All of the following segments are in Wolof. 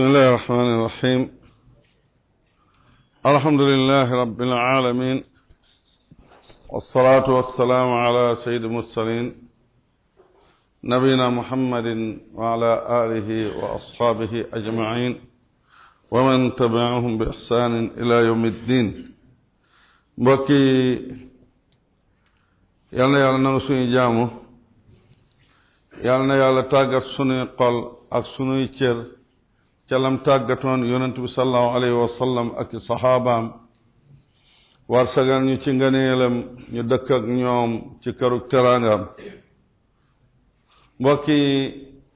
بسم الله الرحمن الرحيم الحمد لله رب العالمين والصلاة والسلام على سيد المرسلين نبينا محمد وعلى آله وأصحابه أجمعين ومن تبعهم بإحسان إلى يوم الدين بكي yàlla na yàlla nangu suñu jaamu yàlla na yàlla tàggat suñuy xol ak suñuy cër ca lam tàggatoon yonent bi sallallahu alayhi wa sallam ak i saxaabaam war sagal ñu ci ngëneelam ñu dëkk ak ñoom ci kërug teraangaam mbokk yi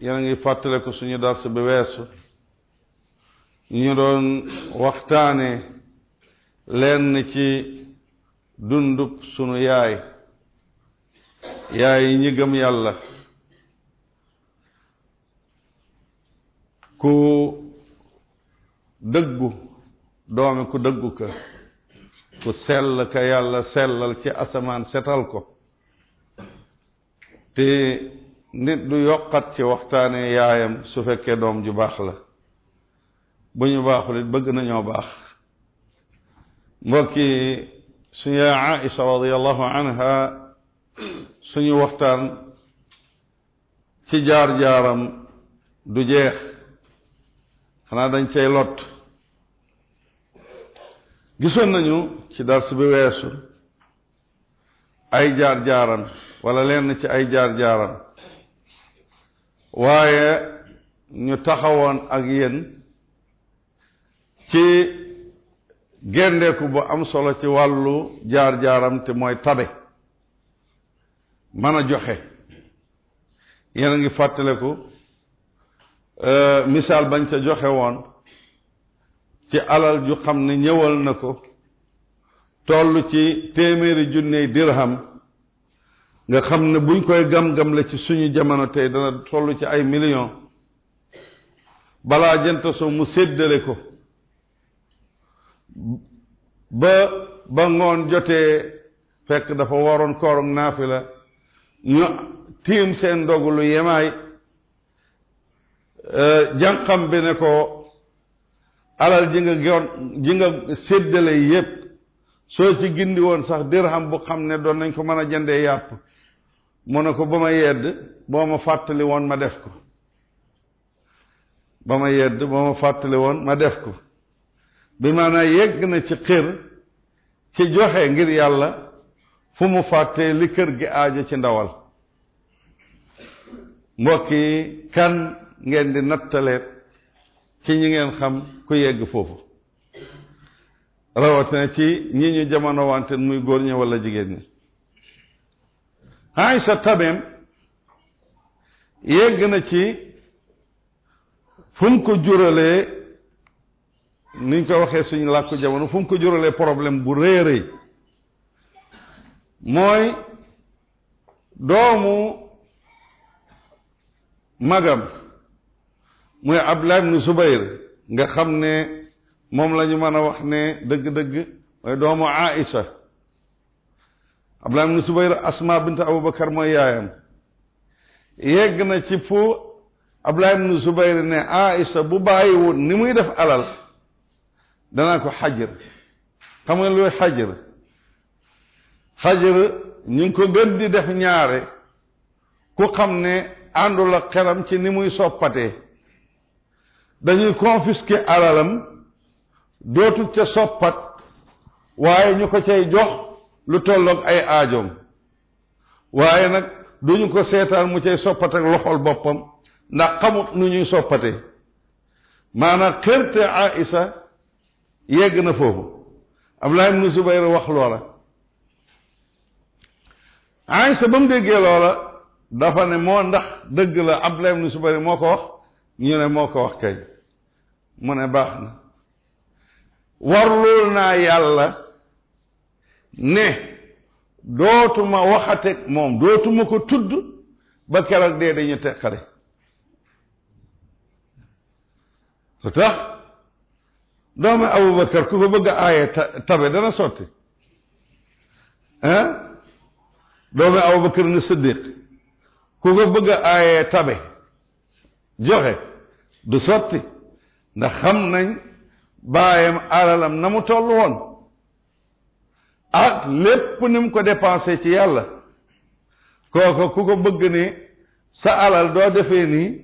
yéen ngi fàttale ko suñu dars bi weesu ñu doon waxtaane leen ci dundub sunu yaay yaay ñi gëm yàlla ku dëggu doomi ku dëggu ka ku sell ka yàlla sellal ci asamaan setal ko te nit du yokkat ci waxtaane yaayam su fekkee doom ju baax la bu ñu baaxul it bëgg nañoo baax mbokk yi suñu yaay Aïcha radiallahu anha suñu waxtaan ci jaar-jaaram du jeex xanaa dañ cay lot gisoon nañu ci dars bi weesu ay jaar jaaram walla leen ci ay jaar jaaram waaye ñu taxawoon ak yéen ci gendeeku bu am solo ci wàllu jaar jaaram te mooy tabe mën a joxe yéen a ngi fàttaleku euh, misaal bañ ca joxe woon ci alal ju xam ne ñëwal na ko toll ci téeméeri junney dirham nga xam ne buñ koy gam-gam la ci suñu jamono tey dana toll ci ay million balaa jant so mu seddale ko ba ba ngoon jotee fekk dafa waroon koorog la ñu tiim seen ndogu lu yemaay eh, jànqam bi ne ko alal ji nga yor ji nga séddale yépp soo ci gindi sax sax dirham bu xam ne doon nañ ko mën a jëndee yàpp mu ne ko ba ma yedd boo ma fàttali woon ma def ko ba ma yedd boo ma woon ma def ko bi maanaa yegg na ci xër ci joxe ngir yàlla fu mu fàttee li kër gi aajo ci ndawal mbokk yi kan ngeen di nattaleet ci ñi ngeen xam ku yegg foofu rawatina ci ñi ñu jamono wante muy góor ñi wala jigéen ñi Aïcha tabeem yegg na ci fum ko juralee niñ ko waxee suñu làkku jamono fum ko juralee problème bu rëy a rëy mooy doomu magam muy Abdullah ibnu Zubayr nga xam ne moom la ñu mën a wax ne dëgg-dëgg mooy doomu Aïcha Abdullah ibnu Zubayr Asma bint Abubakar mooy yaayam yegg na ci fu Abdullah ibnu Zubayr ne Aïcha bu bàyyiwul ni muy def alal danaa ko xajir xam nga luy xajir xajir ñu ngi ko gën di def ñaare ku xam ne àndul ak xelam ci ni muy soppatee dañuy confisquer alalam dootul ca soppat waaye ñu ko cay jox lu tolloog ay aajoom waaye nag duñu ko seetaan mu cay soppat ak loxol boppam ndax xamut nu ñuy soppate maanaam xërte Aïsa yegg na foofu Abdullah ibnu Zubayr wax loola Aïsa ba mu déggee loola dafa ne moo ndax dëgg la Abdullah ibnu Zubayr moo ko wax ñu ne moo ko wax kay mu ne baax na warlul naa yàlla ne dootuma waxateeg moom dootuma ko tudd ba keroog dee dañu teqale su tax Abubakar ku ko bëgg a aaye tabe dana sotti ah Abubakar ni Siddiq ku ko bëgg aaye tabe joxe du sotti ndax xam nañ baayam alalam na mu toll woon ak lépp ni mu ko dépensé ci yàlla kooko ku ko bëgg ne sa alal doo defee nii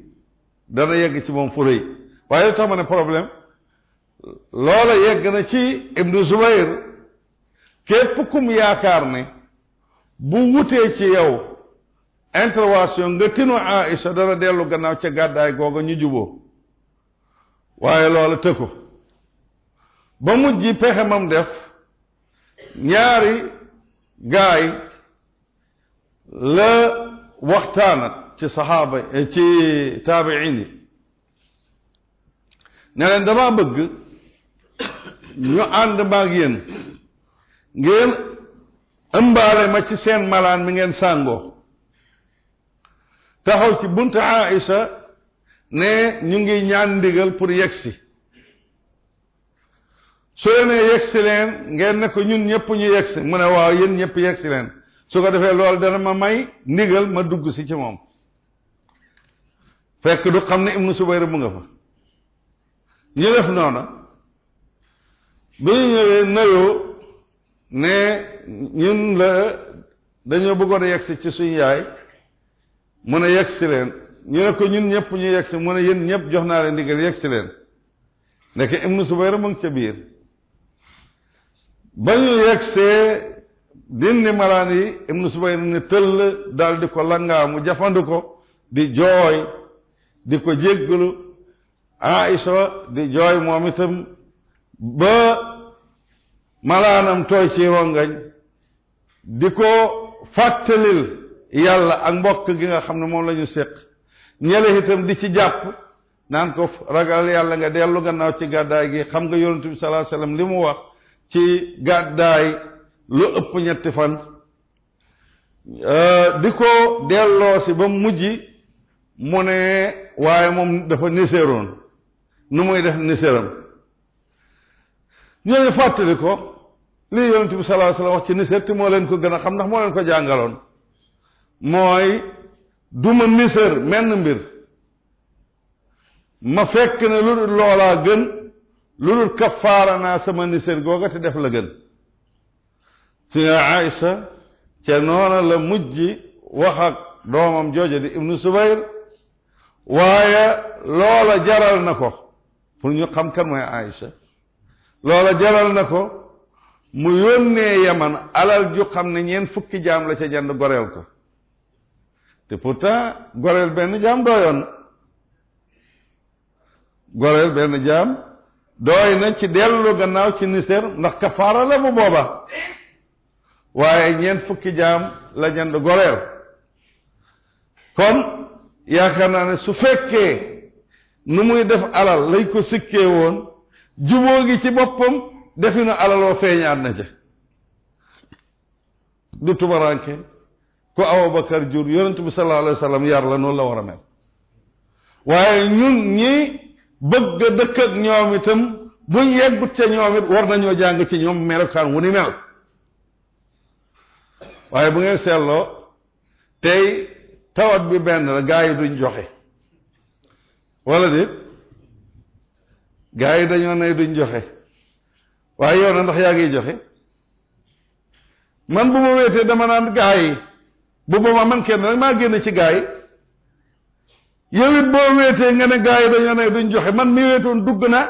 dana yegg ci moom fu rëy waaye lu tax ma ne problème loola yegg na ci ibnu zubayr képp kum yaakaar ne bu wutee ci yow intervention nga tinu Aïcha dara dellu gannaaw ca gàddaay googa ñu juboo waaye loola tëkku ba mujj pexe mam def ñaari gaay la waxtaanat ci saxaaba ci taabiin yi ne leen damaa bëgg ñu ànd maag yéen ngeen ëmbaale ma ci seen malaan mi ngeen sàngoo taxaw ci buntu Aïcha ne ñu ngi ñaan ndigal pour yegsi su leen yegsi leen ngeen ne ko ñun ñëpp ñu yegsi mu ne waaw yéen ñëpp yegsi leen su ko defee lool dana ma may ndigal ma dugg si ci moom fekk du xam ne Ibnu Subayr mu nga fa ñu def noona bi ñu ñëwee nayoo ne ñun la dañoo bëggoon a yegsi ci suñu yaay mu ne yegg si leen ko ñun ñëpp ñu yegg si mu ne yéen ñëpp jox naa leen ndigal yegg si leen ndeke ibnu subayra mu ngi ca biir ba ñu yegg dindi malaan yi ibnu subayra ne tëll daal di ko langaamu jafandu ko di jooy di ko jéggalu aïcha di jooy moom itam ba malaanam tooy ci rongañ di ko fàttalil yàlla ak mbokk gi nga xam ne moom la ñu séq ñele itam di ci jàpp naan ko ragal yàlla nga dellu gannaaw ci gàddaay gi xam nga yonent bi sallallahu alayhi li mu wax ci gàddaay lu ëpp ñetti fan euh, di ko delloo si ba mujj mu ne waaye moom dafa niséroon nu muy def niséram ñooñu fàttali ko lii yonent bi sallallahu alayhi wax ci nisér ti moo leen ko gën a xam ndax moo leen ko jàngaloon mooy du ma menn mbir ma fekk ne lu dul loolaa gën lu dul kafaara naa sama nisër googa def la gën suñu Aïsa ca noona la mujj wax ak doomam jooja di ibnu Subayr waaye loola jaral na ko pour ñu xam kan mooy Aïsa loola jaral na ko mu yónnee yaman alal ju xam ne ñeent fukki jaam la ca jënd goreel ko te pourtant goreel benn jaam dooyoon goreel benn jaam dooy na ci dellu gannaaw ci niseer ndax kafaara bu booba waaye ñeent fukki jaam la jënd goreel kon yaakaar naa ne su fekkee nu muy def alal lañ ko sikkee woon juboo gi ci boppam defi na alaloo feeñaat na ca du tubaranke ku Abubakar jur yonent bi sallallahu alayhi wa yar la noonu la war a mel waaye ñun ñi bëgg a dëkk ak ñoom itam buñ yeggut ca ñoom it war nañoo jàng ci ñoom melokaan wu ni mel waaye bu ngeen seetloo tey tawat bi benn la gaa yi duñ joxe wala déet gaa yi dañoo nay duñ joxe waaye yow ndax yaa ngi joxe man bu ma wéetee dama naan gaa yi bu boobaa man kenn rek maa génn ci gaa yi yow it boo wéetee nga ne gaa yi dañoo ne joxe man mi wéetoon dugg na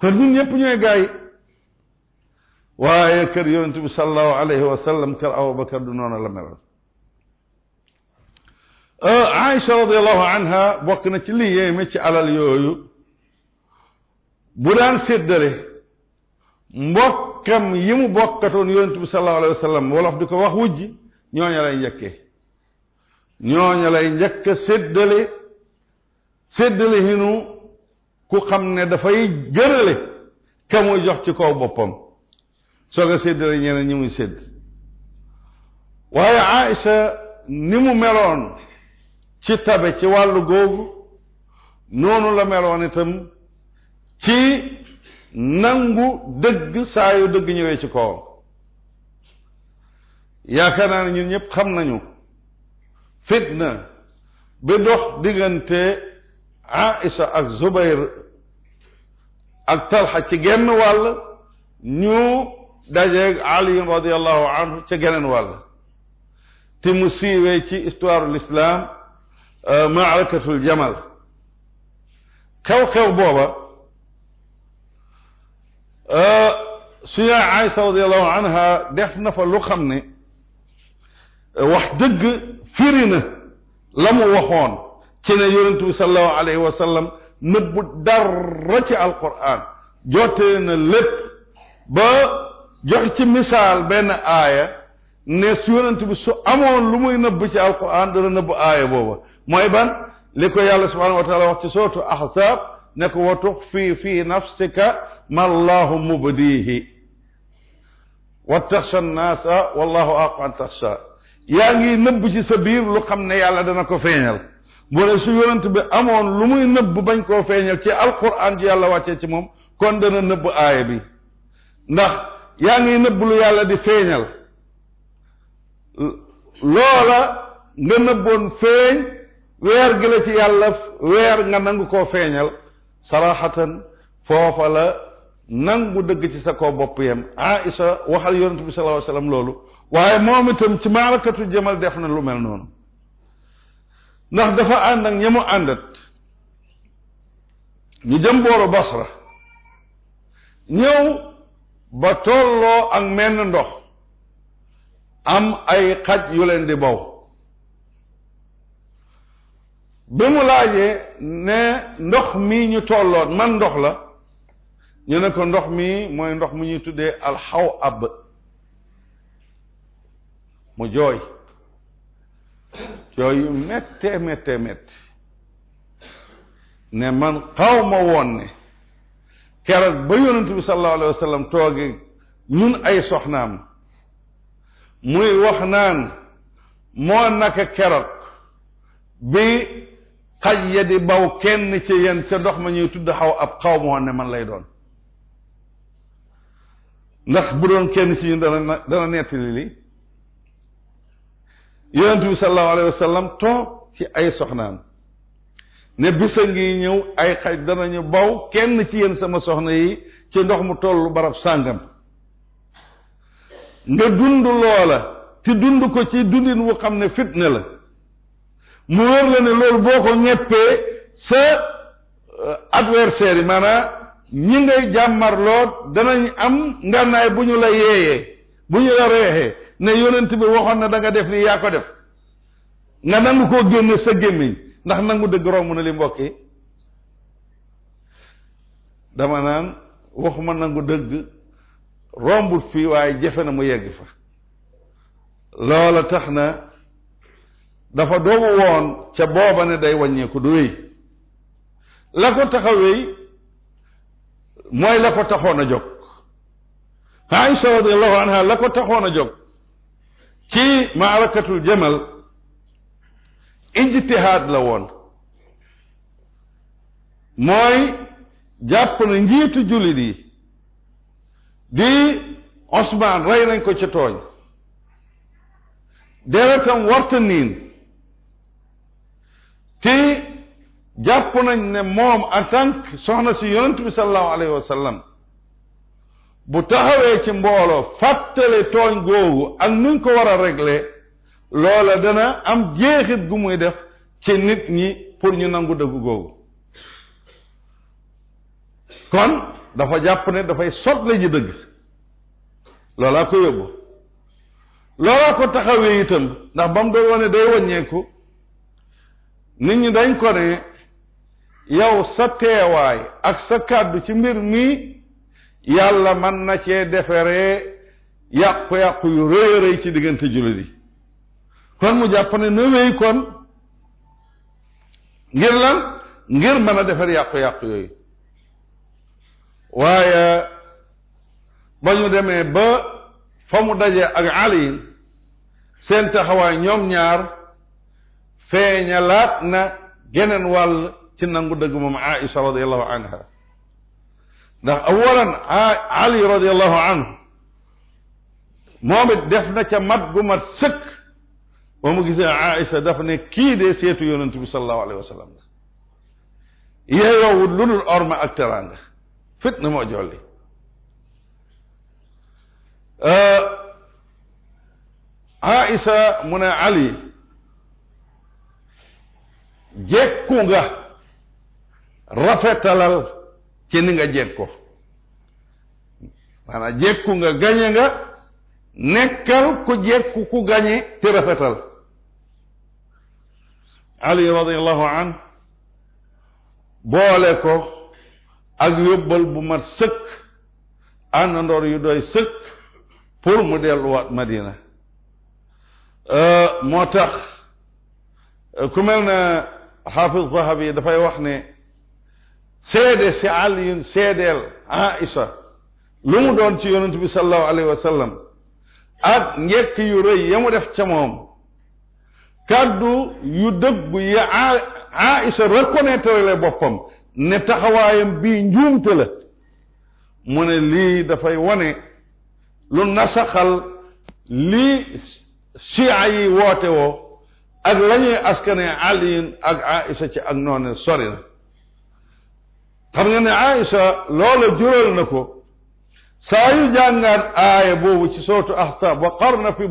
kon ñun ñëpp waaye kër yonente bi sallallahu alayhi wa sallam kër Abubakar du noonu la meloon euh, Aïcha radiallahu anha bokk na ci li yéeme ci alal yooyu bu daan séddale mbokkam yi mu bokkatoon yonente bi sallallahu alayhi wa wolof di ko wax wujji ñooña lay njëkke ñooña lay njëkk a séddale séddale hinu ku xam ne dafay gërale ka muy jox ci kaw boppam soog a séddale ñeneen ñi muy sédd waaye Aïcha ni mu meloon ci tabe ci wàllu googu noonu la meloon itam ci nangu dëgg saa yu dëgg ñëwee ci kawam yaakaar naa ne ñun ñëpp xam nañu fitna bi dox diggante Aïsa ak Zubayr ak Talxa ci genn wàll ñu dajeeg Ali radiallahu anhu ca geneen wàll te mu siiwee ci histoire l'islam euh, maarakatul jamal xew-xew booba euh, suñu Aïsa radiallahu anha def na fa lu xam ne wax dëgg firi na la mu waxoon ci ne yonent bi sallallahu alayhi wa sallam nëbbu dara ci alquran jotee na lépp ba jox ci misaal benn aaya ne su yonent bi su amoon lu muy nëbb ci alquran dana nëbb aaya booba mooy ban li ko yàlla subhanahu wa taala wax ci sootu ahzab ne ko wa tuxfi fi nafsika ma allahu mubdihi wa taxsha nnaasa wallahu aqwa an taxsha yaa ngi nëbb ci sa biir lu xam ne yàlla dana ko feeñal boole su yonent bi amoon lu muy nëbb bañ koo feeñal ci alquran ji yàlla wàccee ci moom kon dana nëbb aaya bi ndax yaa ngi nëbb lu yàlla di feeñal loola nga nëbboon feeñ weer gi la ci yàlla weer nga nangu koo feeñal saraxatan foofa la nangu dëgg ci sa ko bopp yem aïsa waxal yonent bi sallallahu alayhi loolu waaye moom itam ci maarakatu jëmal def na lu mel noonu ndax dafa ànd ak ña mu àndat ñu jëm booru Basra ñëw ba tolloo ak menn ndox am ay xaj yu leen di bow bi mu laajee ne ndox mii ñu tolloon man ndox la ñu ne ko ndox mii mooy ndox mu ñuy tuddee alxaw ab mu jooy jooy yu méttee méttee métti ne man xaw ma woon ne keroog ba yonent bi sallallahu alayhi wa sallam tooge ay soxnaam muy wax naan moo naka keroog bi xaj ya di baw kenn ci yéen ca dox ma ñuy tudd xaw ab xaw ma ne man lay doon ndax bu doon kenn ci ñun dana dana nettali li yonent bi sallallahu alayhi wa sallam ci ay soxnaan ne bis a ngi ñëw ay xaj danañu baw kenn ci yéen sama soxna yi ci ndox mu tollu barab sàngam nga dund loola te dund ko ci dundin wu xam ne fitne la mu wër la ne loolu boo ko ñeppee sa euh, adversaire yi maanaa ñi ngay jàmmarloo danañ am ngànnaay bu ñu la yeeyee bu ñu la reexee ne yonent bi waxoon na danga def lii yaa ko def nga nangu koo génne sa gémmiñ ndax nangu dëgg romb na li mbokk yi dama naan waxuma nangu dëgg rombut fii waaye jafe na mu yegg fa loola tax na dafa doobu woon ca booba ne day wàññeeku du wéy la ko tax a wéy mooy la ko taxoon a jóg Aïcha radiyallahu anha la ko taxoon a jóg ci maarakatul jamal ijtihaad la woon mooy jàpp na njiitu jullit yi di Osman rey nañ ko ca tooñ deretam warta niin te jàpp nañ ne moom en tant soxna si yonent bi sallallahu alayhi wa bu taxawee ci mbooloo fàttale tooñ googu ak nuñ ko war a régler loola dana am jeexit gu muy def ci nit ñi pour ñu nangu dëggu googu kon dafa jàpp ne dafay sotle ji dëgg loolaa ko yóbbu loolaa ko taxawee itam ndax ba mu doon wane day wàññeeku nit ñi dañ ko ne yow sa teewaay ak sa kàddu ci mbir mii yàlla man na cee defaree yàqu-yàqu yu rëy rëy ci diggante jullit yi kon mu jàpp ne na kon ngir lan ngir mën a defar yàqu-yàqu yooyu waaye ba ñu demee ba fa mu daje ak Ali seen taxawaay ñoom ñaar feeñalaat na geneen wàll ci nangu dëgg moom Aïcha radiallahu anha ndax awalan ali radiallahu anhu moom it def na ca mat gu mat sëkk ba mu gisee Aïcha daf ne kii dee seetu yonent bi sallallahu alayhi wa sallam la yeeyoowul lu dul orma ak teraanga fit na moo jolli euh, Aïcha mu ne Ali jekku nga rafetalal ci ni nga jéeg ko maanaam jékku nga gañe nga nekkal ku jékku ku gañe te rafetal ali radiallahu an boole ko ak yóbbal bu ma sëkk àndandoor yu doy sëkk pour mu delluwaat madina euh, moo tax ku mel ne xaafis zahabi dafay wax ne seede si aliyun seedeel aïsa lu mu doon ci yonent bi sallallahu alayhi wa sallam ak njekk yu rëy ya mu def ca moom kàddu yu dëgg ya aïsa reconnaître le boppam ne taxawaayam bii njuumte la mu ne lii dafay wane lu nasaxal lii chia yi woote woo ak la ñuy askane aliyin ak aïsa ci ak noone sori xam nga ne Aïcha loola jural na ko saa yu jàngaat aaya boobu ci sootu ahsaab wa qarna fi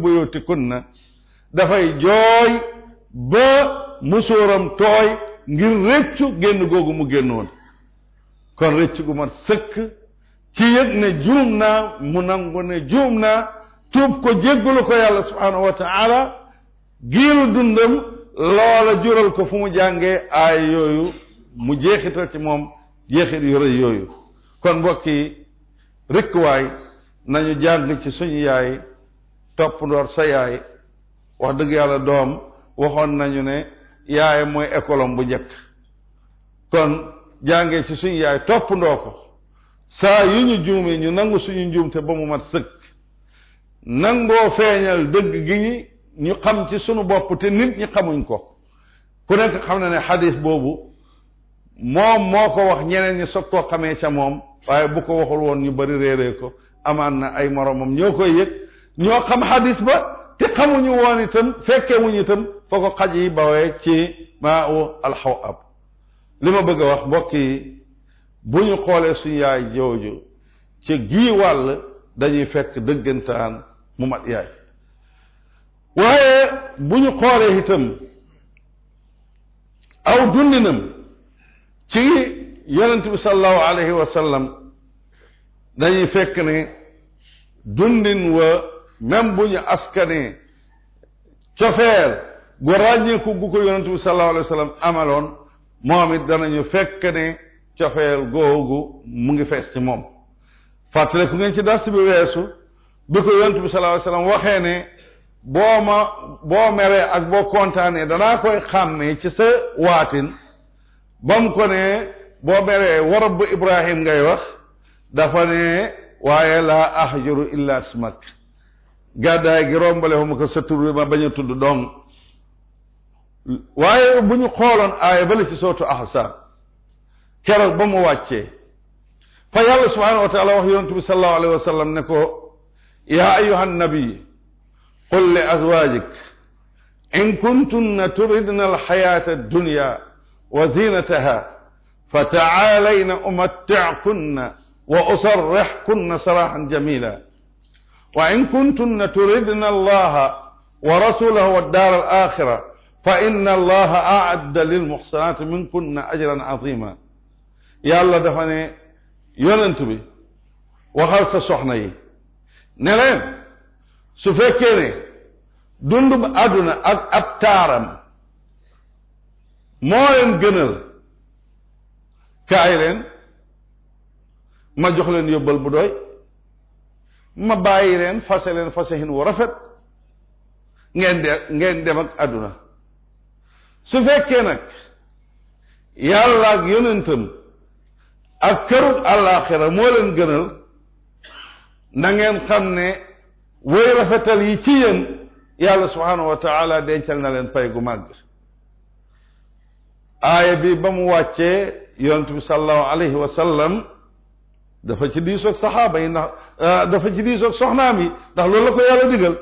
na dafay jooy ba musóoram tooy ngir rëccu génn googu mu génnoon kon rëcc gu mat sëkk ci yëg ne juum naa mu nangu ne juum naa tuub ko jéggalu ko yàlla subhaanahu wa taala giiru dundam loola jural ko fu mu jàngee aaya yooyu mu jeexital ci moom yéexit yu rëy yooyu kon mbokk yi rikkuwaay nañu jàng ci suñu yaay topp ndoor sa yaay wax dëgg yàlla doom waxoon nañu ne yaay mooy écolom bu njëkk kon jàngee ci suñu yaay topp ndoo ko saa yu ñu juumee ñu nangu suñu njuumte ba mu mat sëkk nangoo feeñal dëgg gi ñi ñu xam ci suñu bopp te nit ñi xamuñ ko ku nekk xam na ne xadis boobu moom moo ko wax ñeneen ñi soog koo xamee ca moom waaye bu ko waxul woon ñu bari réeree ko amaan na ay moromam ñoo koy yëg ñoo xam xadis ba te xamuñu woon itam fekkewuñu itam foo ko xaj yi bawee ci maa u ab li ma bëgg a wax mbokk yi bu ñu xoolee suñu yaay jooju ci gii wàll dañuy fekk dëggantaan mu mat yaay waaye bu ñu xoolee itam aw dundinam ci yonent bi sallallahu alayhi wa sallam dañuy fekk ne dundin wa même bu ñu askanee cofeer gu ràññeeku gu ko yonent bi sallallahu alayhi wa sallam amaloon moom it danañu fekk ne cofeer googu mu ngi fees ci moom fàttale ngeen ci dars bi weesu bi ko yonent bi sallallahu alayhi wa sallam waxee ne boo ma boo meree ak boo kontaanee danaa koy xàmmee ci sa waatin ba mu ko ne wa rabbu ibrahim ngay wax dafa ne waaye laa ahjuru illa asmak gàddaay gi rombale fa ma sa tur ma bañ a dong waaye bu ñu xooloon aaya bala ci sootu ba mu wàccee fa yàlla subhanahu wa taala wax yonent bi sallallahu alayhi ko yaa ayuha nabi qul li azwajik in kuntunna turidna alxayata addunia وزينتها فتعالين أمتعكن وأصرحكن سراحا جميلا وإن كنتن تردن الله ورسوله والدار الآخرة فإن الله أعد للمحصنات منكن أجرا عظيما yàlla dafa ne yonent bi waxal sa soxna yi ne leen su fekkee ne dundub àdduna ak ab taaram moo leen gënal kaay leen ma jox leen yóbbal bu doy ma bàyyi leen fase leen fasehin wu rafet ngeen de ngeen dem àdduna su fekkee nag yàlla ak yonentam ak kërug àllaaxira moo leen gënal na ngeen xam ne woy rafetal yi ci yéen yàlla subhaanahu wa taala dencal na leen pay gu màgg aaya bi ba mu wàccee yonent bi sallallahu alayhi wa sallam dafa ci diisoog saxaaba yi ndax ah, dafa ci diisoog soxnaam yi ndax loolu la ko yàlla digal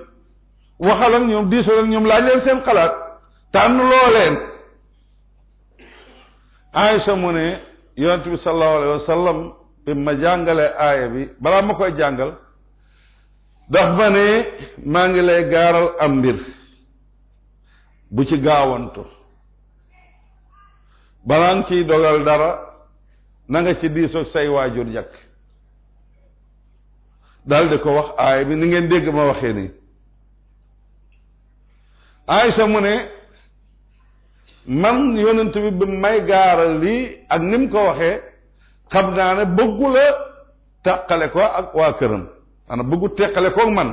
waxal ak ñoom diisoo ak ñoom laaj leen seen xalaat tànn loo leen Aïcha mu ne yonent bi sallallahu alayhi wa sallam bi ma jàngalee aaya bi balaa ma koy jàngal daf ma ne maa ngi lay gaaral am mbir bu ci gaawantu balaan ciy dogal dara na nga ci diisoog say waajur njëkk daal di ko wax aay bi ni ngeen dégg ma waxe nii aay sa mu ne man yonent bi bi may gaaral lii ak ni mu ko waxee xam naa ne bëggu la ko ak waa këram maanaam teqale ko ak man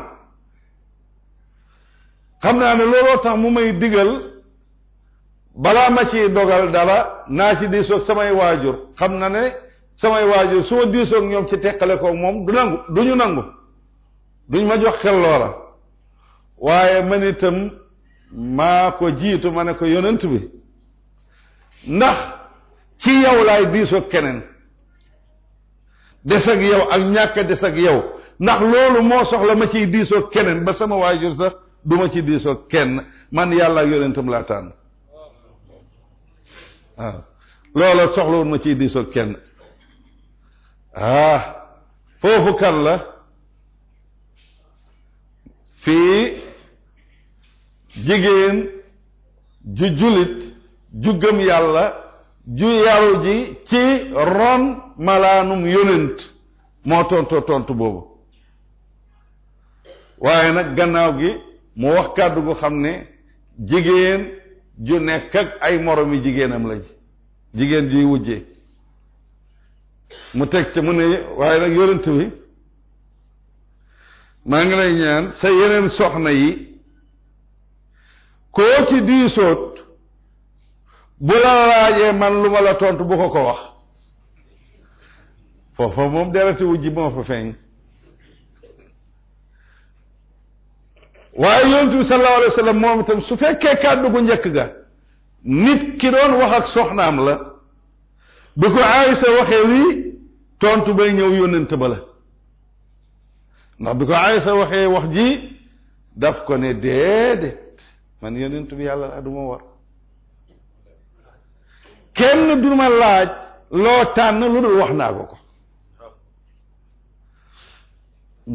xam naa ne looloo tax mu may digal balaa ma ci dogal dara naa ci diisoog samay waajur xam na ne samay waajur su ma diisoog ñoom ci teqale ko moom du nangu du ñu nangu duñ ma jox xel loola waaye man itam maa ko jiitu ma ne ko yonent bi ndax ci yow laay diisoog keneen des ak yow ak ñàkk des ak yow ndax loolu moo soxla ma ciy diisoog keneen ba sama waajur sax du ma ci diisoog kenn man yàlla ak yonentam laa tànn waaw loola soxlawul ma ciy diisoo kenn ah foofu kan la fii jigéen ju jullit ju gëm yàlla ju yaru ji ci ron malaanum yonent moo tontoo tontu boobu waaye nag gannaaw gi mu wax kàddu gu xam ne jigéen ju nekk ak ay moromi jigéenam lañ jigéen juy wujjee mu teg ca mu ne waaye nag yonent bi maa ngi lay ñaan sa yeneen soxna yi koo ci diisoot bu la laajee man lu ma la tontu bu ko ko wax foofa moom derati wujji moo fa feeñ waaye yonent bi sallallahu su fekkee kàddu gu njëkk ga nit ki doon wax ak soxnaam la bi ko Aïsa waxee lii tontu bay ñëw yónnent ba la ndax bi ko Aïsa waxee wax ji daf ko ne déedéet man yónnent bi yàlla laa du ma war kenn du ma laaj loo tànn lu dul wax naa ko ko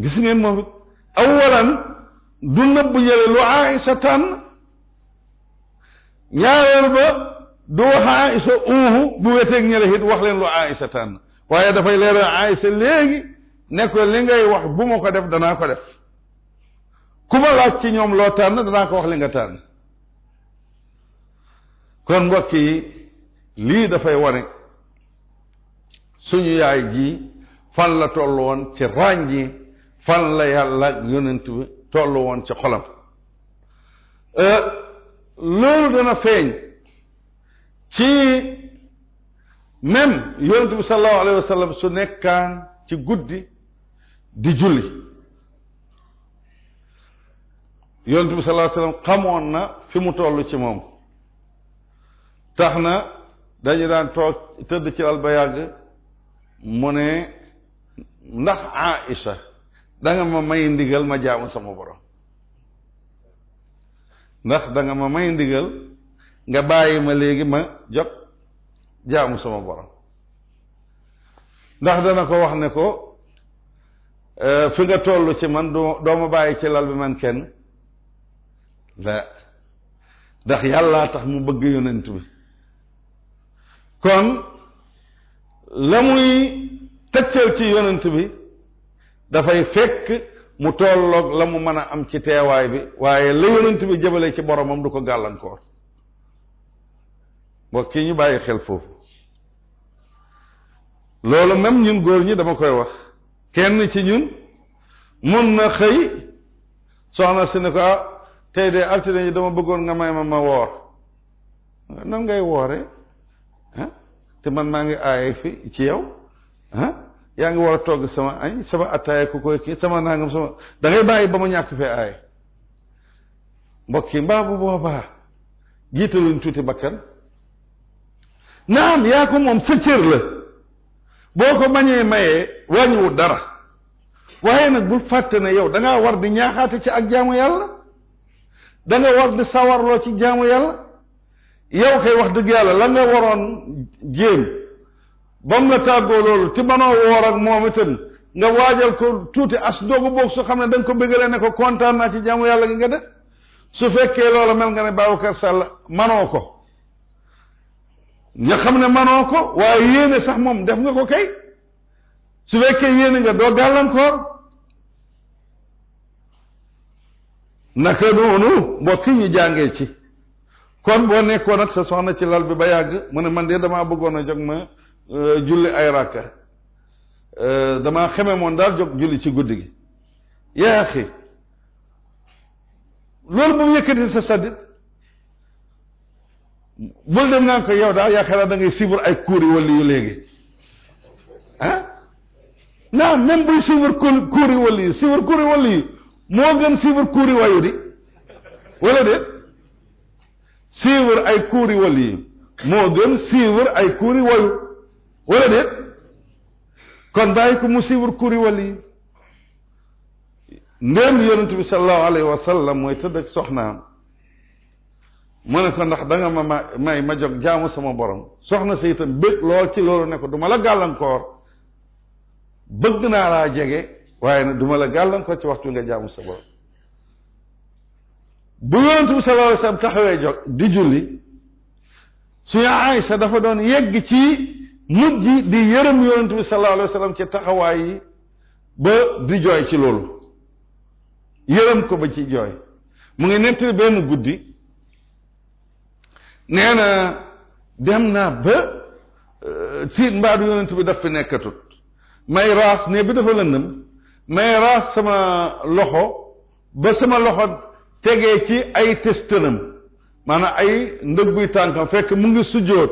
gis ngeen moom it du nëbb yële lu Aïsa tànn ñaareel ba du wax Aïsa uuhu bu weteeg ñële it wax leen lu Aïsa tànn waaye dafay leeral Aïsa léegi ne ko li ngay wax bu ma ko def danaa ko def ku laaj ci ñoom loo tànn danaa ko wax li nga tànn kon mbokk yi lii dafay wane suñu yaay ji fan la toll woon ci ràññi fan la yàlla yonent bi tollu woon ci xolam euh, loolu dana feeñ ci même yonent bi sallallahu alayhi su nekkaan ci guddi di julli yonent bi sallallahu alayhi xamoon na fi mu toll ci moom tax na dañu daan toog tëdd ci lal ba yàgg mu ne ndax Aïcha danga nga ma may ndigal ma jaamu sama borom ndax danga ma may ndigal nga bàyyi ma léegi ma jot jaamu sama borom ndax dana ko wax ne ko euh, fi nga toll ci man doo ma bàyyi ci lal bi man kenn la ndax yàllaa tax mu bëgg yonent bi kon la muy tëccal ci yonent bi dafay fekk mu tolloog la mu mën a am ci teewaay bi waaye la yonent bi jëmale ci boromam du ko gàllankoor mbokk kii ñu bàyyi xel foofu loolu même ñun góor ñi dama koy wax kenn ci ñun mun na xëy soxna si ne ko ah tey de altine yi dama bëggoon nga may ma ma woor na ngay woore ah te man maa ngi aaye fi ci yow ah? yaa ngi war a togg sama añ sama attaaya ku koy kii sama nangam sama da bàyyi ba ma ñàkk fee aay mbokk mbaa bu boobaa jiitaluñ tuuti bakkan naam yaa ko moom sa cër la boo ko bañee mayee wàññiwul dara waaye nag bul fàtte na yow danga war di ñaaxaate ci ak jaamu yàlla da war di sawarloo ci jaamu yàlla yow kay wax dëgg yàlla la nga waroon jéem ba mu la tàggoo loolu ti banoo woor ak moom itam nga waajal ko tuuti as dogu boog su xam ne da nga ko bëggalee ne ko kontaan naa ci jaamu yàlla gi nga def su fekkee loola mel nga ne Babacar Sall manoo ko nga xam ne manoo ko waaye yéene sax moom def nga ko kay su fekkee yéene nga doo gàllankoor naka noonu mbokk yi ñu jàngee ci kon boo nekkoon ak sa soxna ci lal bi ba yàgg mu ne man de damaa bëggoon a jóg ma Euh, julli ay rakka euh, damaa xeme moon daal jóg julli ci guddi gi yaa axi loolu bu mu sa saddit bul dem naan ko yow daal yaakaar da ngay ay cours yi yu léegi ah naa même buy suivre cours yi wali yi suivre cours yi wali moo gën suivre wayu di wala déet suivre ay cours yi wali yi moo ay cours wayu wala déet kon bàyyi ko mu siiwur kuriwal yi ndéem yonent alayhi wa sallam mooy tëdd ak soxnaam mu ne ko ndax da nga ma may ma jóg jaamu sama borom soxna sa bëgg lool ci loolu ne ko du ma la gàllankoor bëgg naa jege waaye nag du ma la gàllankoor ci waxtu nga jaamu sa borom bu yonent bi alayhi wa sallam taxawee jóg di julli suñu Aysa dafa doon yegg ci mujj di yërëm yonent bi sallallahu alayhi wa ci taxawaay ba di jooy ci loolu yërëm ko ba ci jooy mu ngi nettali benn guddi nee na dem naa ba euh, ci mbaadu yonent bi daf fi nekkatut may raas ne bi dafa lëndëm may raas sama loxo ba sama loxo tegee ci ay tëstënam maanaam ay ndëgguy tànkam fekk mu ngi sujjóot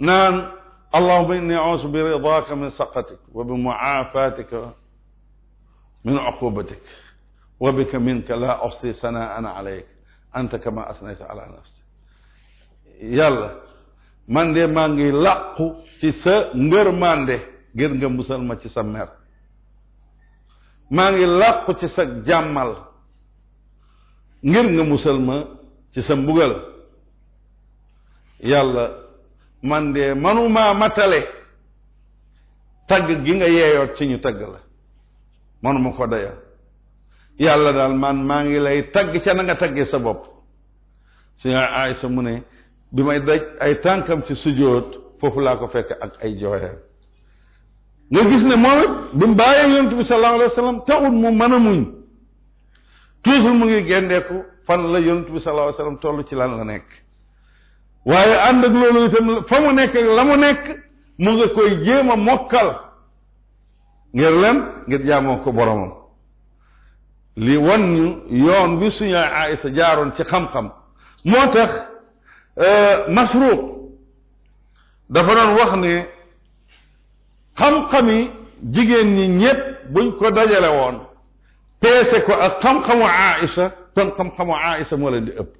naan اللهم إني أعوذ برضاك من سقطك وبمعافاتك من عقوبتك وبك منك لا أحصي ثناء عليك أنت كما أثنيت على نفسي yàlla man de maa ngi làqu ci sa ngërmande ngir nga musal ma ci sa mer maa ngi làqu ci sa jàmmal ngir nga musal ma ci sa mbugal yàlla man de manuma matale tagg gi nga yeeyoot ci ñu tagg la manuma ko dayal yàlla daal man maa ngi lay tagg ca na nga taggee sa bopp suñu Aysa mu ne bi may daj ay tànkam ci sujjóot foofu laa ko fekk ak ay jooyam nga gis ne moom bi mu bàyyee yonent bi sallam taxul la yonent bi sallallahu alayhi ci lan la nekk waaye ànd ak loolu itam fa mu nekk ak la mu nekk mu nga koy jéem a mokkal ngir leen ngir jaamoo ko boromam li wan ñu yoon bi suñu Aïsa jaaroon ci xam-xam moo tax euh, Masruq dafa doon wax ne xam-xami jigéen ñi ñépp buñ ko dajale woon peese ko ak xam-xamu Aïsa kon xam-xamu Aïsa moo leen di ëpp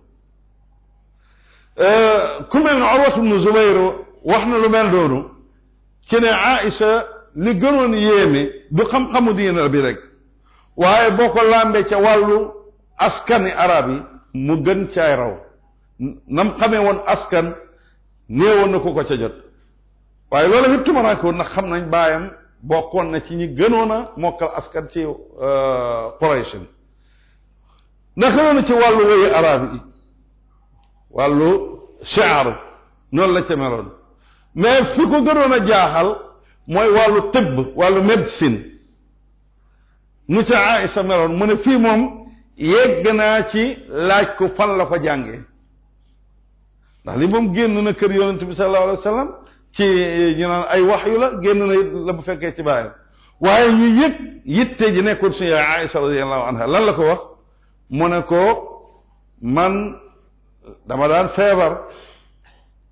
Euh, ku mel ne Urwatu bnu Zubayr wax na lu mel noonu ci ne Aïcha li gënoon yéeme du xam-xamu diina bi rek waaye boo ko làmbee ca wàllu askani arab yi mu gën caay raw nam xamee woon askan néewoon na ko ko ca jot waaye loolu yëpp tumaraanke woon nag xam nañ baayam bokkoon na ci ñi gënoon a mokkal askan ci euh, Quraysh naka noonu ci wàllu woyu arab yi wàllu chaar noonu la ca meloon mais fi ko gënoon a jaaxal mooy wàllu tëbb wàllu médecine ni ca Aïsa meloon mu ne fii moom yegg naa ci laaj ko fan la ko jànge ndax li moom génn na kër yonent bi sallallahu alayhi wa sallam ci ñu ay wax yu la génn na la bu fekkee ci bàyyam waaye ñu yëg yitte ji nekkoon suñu yaay Aïsa radiallahu anha lan la ko wax mu ne ko man dama daan feebar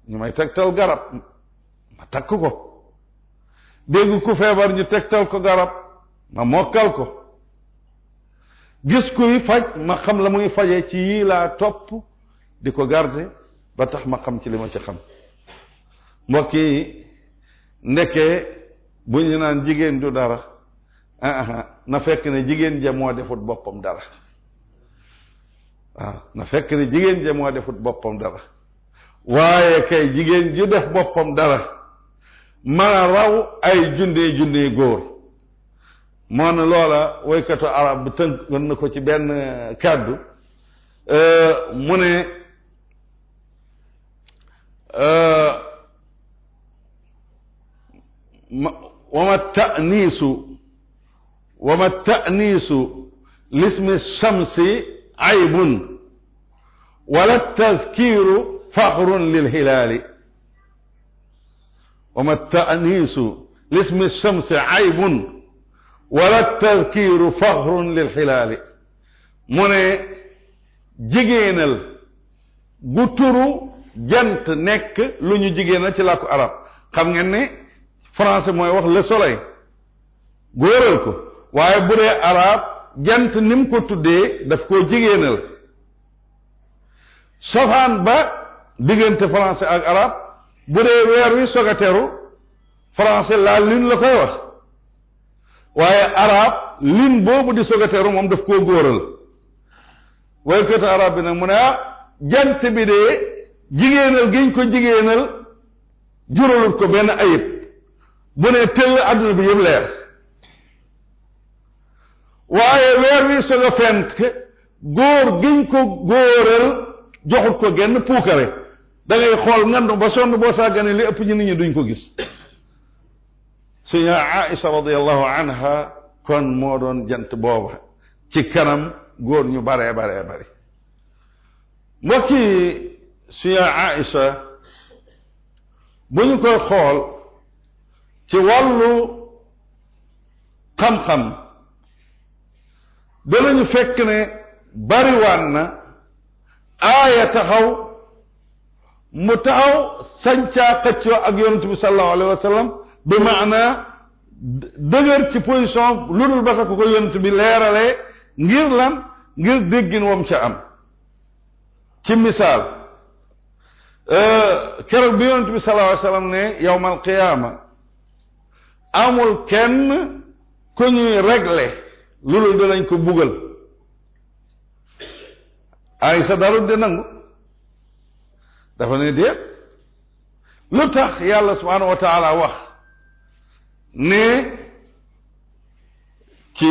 ñu may tegtal garab ma takk ko dégg ku feebar ñu tegtal ko garab ma mokkal ko gis kuy faj ma xam la muy faje ci yii laa topp di ko garde ba tax ma xam ci li ma ci xam mbokk yi ndekkee bu ñu naan jigéen du dara ah, ah, ah. na fekk ne jigéen ja moo defut boppam dara waaw na fekk ne jigéen ja moo defut boppam dara waaye kay jigéen ju def boppam dara mën raw ay junde junde góor moo ne loola woykatu arab bi tënk na ko ci benn euh, kàddu euh, mu ne wama euh, ta'niisu wama ta'niisu lismi shamsi عيب ولا التذكير فخر للهلال وما التأنيس لاسم الشمس عيب ولا التذكير فخر للهلال mu ne jigéenal gu turu jant nekk lu ñu jigéenal ci làkku arab xam ngeen ne français mooy wax le soleil góoral ko waaye bu dee arab jant ni mu ko tuddee daf koo jigéenal sofaan ba diggante français ak arab bu dee weer wi soog a teru français la koy wax waaye arab lune boobu di soog a teru moom daf koo góoral waykatu arab bi nag mu ne ah, jant bi dee jigéenal giñ ko jigéenal juralut ko benn ayib bu ne tëll àdduna bi yëpp leer waaye weer wi sa nga fent góor giñ ko góoral joxut ko genn puukare da xool ngandu ba sonn boo sàggane li ëpp ñi nit ñi duñ ko gis suñu Aïsa anha kon moo doon jant booba ci kanam góor ñu baree bare bari mbokk yi suñu Aïsa bu ñu koy xool ci wàllu xam danañu fekk ne bariwaan na aaya taxaw mu taxaw sancaa xëccoo ak yonent bi sallallahu alayhi wa sallam bi maana dëgër ci position lu dul ba ko ko yonent bi leeralee ngir lan ngir déggin wam ca am ci misaal euh, keroog bi yonent bi sallallahu alayhi wa ne yawmal qiyaama amul kenn ku ñuy régler lu dul danañ ko buggal ay sa darut de nangu dafa ne déet lu tax yàlla subhanahu wa taala wax ne ci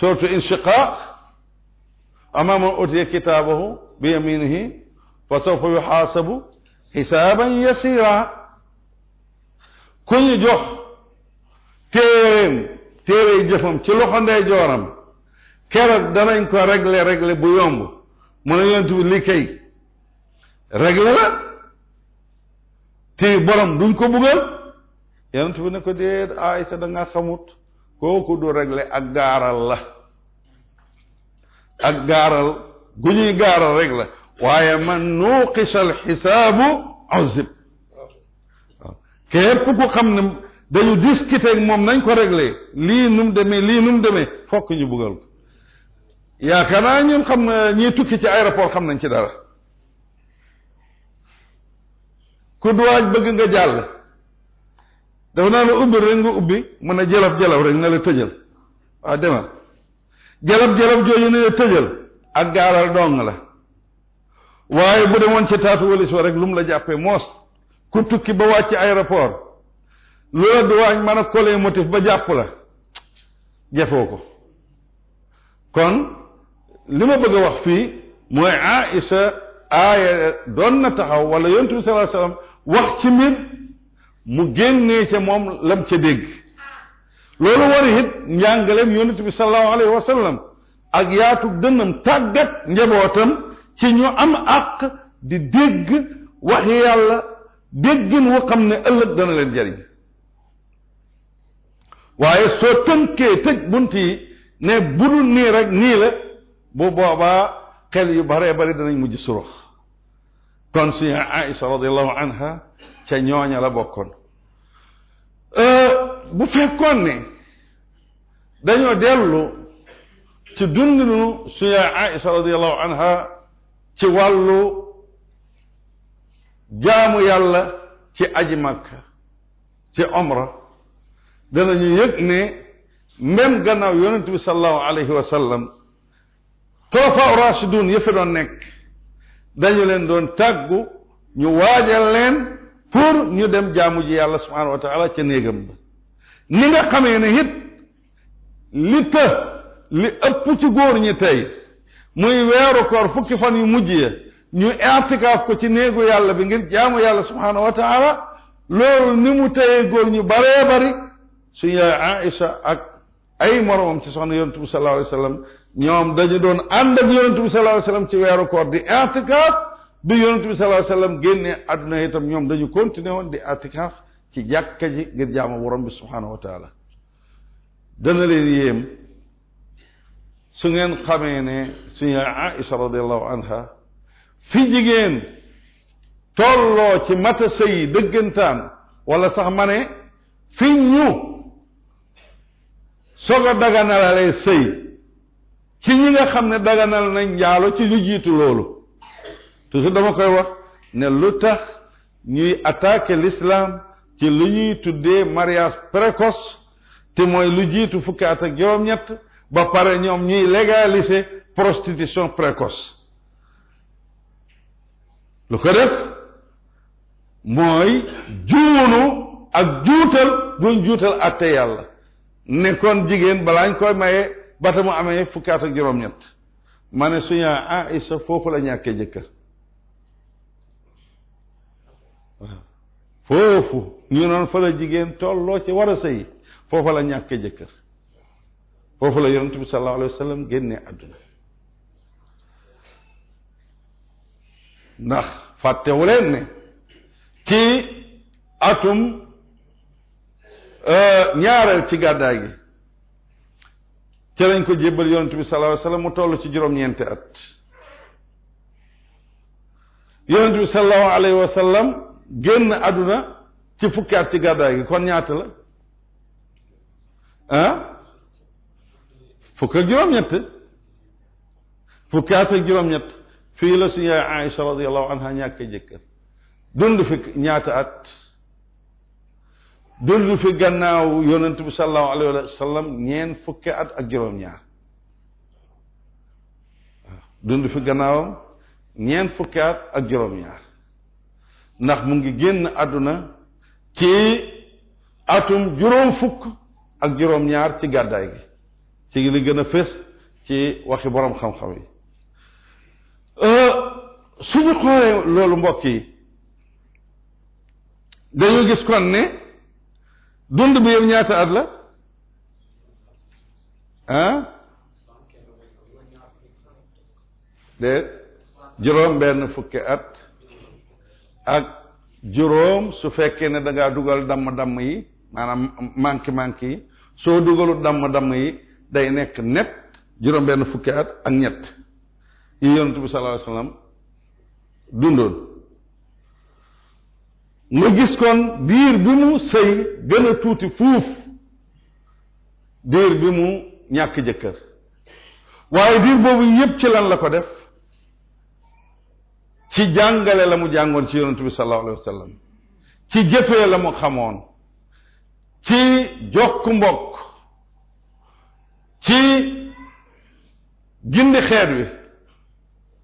surtu inshiqaq amma man utiya kitaabahu bi yaminihi fa sawfa yuxaasabu xisaaban yasira ku ñu jox téeréem téere jëfam ci loxo ndeyjooram keroog danañ ko régler régler bu yomb mu ne yonent li kay régler la te borom duñ ko buggal yonent bi ne ko déet Aysa da nga xamut kooku du régler ak gaaral la ak gaaral gu ñuy gaaral rek la waaye man nuuqisa alxisaabu azib ku xam ne dañu discuter moom nañ ko régler lii nu demee lii nu mu demee fokk ñu buggal ko yaakaar naa ñun xam na ñiy tukki ci aéroport xam nañ ci dara ku duwaaj bëgg nga jàll dafa naa la ubbi rek nga ubbi mën a jëlab jëlab rek na la tëjal waaw demal jëlab jëlab jooju ne la tëjal ak gaaral dong la waaye bu demoon ci taatu walis wa rek lu mu la jàppee moos ku tukki ba wàcc aéroport lu la duwaañ mën a coller motif ba jàpp la jafoo ko kon li ma bëgg a wax fii mooy Aïcha aaya doon na taxaw wala yontu bi wax ci mbir mu génnee ca moom lam ca dégg loolu war it njàngaleem yonent bi sallallahu alayhi wa ak yaatu dënnam tàggat njabootam ci ñu am àq di dégg waxi yàlla déggin wu xam ne ëllëg dana leen jariñ waaye soo tënkee tëj bunt yi ne budul nii rek nii la bu boobaa xel yu baree bari danañ mujj surux kon suñu Aïsa radiallahu anha ca ñooña la bokkoon euh, bu fekkoon ne dañoo dellu ci dundinu suñu Aïsa radiallahu anha ci wàllu jaamu yàlla ci aji makka ci omra danañu yëg ne même gannaaw yonent bi sallallahu alayhi wa sallam xulafaa rashidun ya doon nekk dañu leen doon tàggu ñu waajal leen pour ñu dem jaamu ji yàlla subhanahu wa taala ca néegam ba ni nga xamee ne it li të li ëpp ci góor ñi tey muy weeru koor fukki fan yu mujj ya ñu i'tikaaf ko ci néegu yàlla bi ngir jaamu yàlla subhanahu wa loolu ni mu tëyee góor ñu baree bari suñu yaay Aïcha ak ay moromam ci soxna yonent bi sallallahu alayhi wa sallam ñoom dañu doon ànd ak yonent bi sallallahu alayhi ci weeru koor di itikaaf bi yonent bi àdduna itam ñoom dañu continuer woon di itikaaf ci jàkka ji ngir jaamu bi subhaanahu wa taala dana leen yéem ci mata sëy dëggantaan wala sax ma fi ñu soo ko daganalalee sëy ci ñi nga xam ne daganal nañ njaalo ci ñu jiitu loolu toujours dama koy wax ne lu tax ñuy attaquer l'islam ci lu ñuy tuddee mariage précoce te mooy lu jiitu fukki at ak juróom-ñett ba pare ñoom ñuy légaliser prostitution précoce lu ko def mooy juunu ak juutal buñ juutal àtte yàlla nekkoon jigéen balaañ koy maye ba ta mu amee fukki at ak juróom-ñett ma ne suñu ah, Aïsa foofu la ñàkkee jëkkër foofu ñu noon fa la jigéen tolloo ci war a sëy foofa la ñàkkee jëkkër foofu la yonent bi sallallahu alayhi wa sallam génnee àdduna ndax fàttewuleen ne ci atum ñaareel ci gàddaay gi ca lañ ko jébbal yonent bi sallallahu alayhi wasallam mu toll ci juróom-ñeenti at yonent bi sallallahu alayhi wasallam génn àdduna ci fukki at ci gàddaay gi kon ñaata la ah fukk fukki at ak juróom-ñett fii la suñu yaay Aïcha ñaata at dund fi gannaaw yonent bi sallallahu alayhi wa sallam ñeen fukki at ak juróom-ñaar waaw dund fi gannaawam ñeen fukki at ak juróom-ñaar ndax mu ngi génn àdduna ci atum juróom fukk ak juróom-ñaar ci gàddaay gi ci li gën a fés ci waxi boroom xam-xam yi euh, suñu xoolee loolu mbokk yi dañu gis kon ne dund bi yow ñaata at la ah de juróom benn fukki at ak juróom su fekkee ne dangaa dugal damm-damm yi maanaam manqué manqué yi soo dugalu damm-damm yi day nekk net juróom benn fukki at ak ñett yi yonent bi sallallahu dundoon ma gis kon diir bi mu sëy gën a tuuti fuuf diir bi mu ñàkk jëkkër waaye diir boobu yépp ci lan la ko def ci jàngale la mu jàngoon ci yonent bi sallallahu alayhi wa ci jëfee la mu xamoon ci jokk mbokk ci gindi xeet wi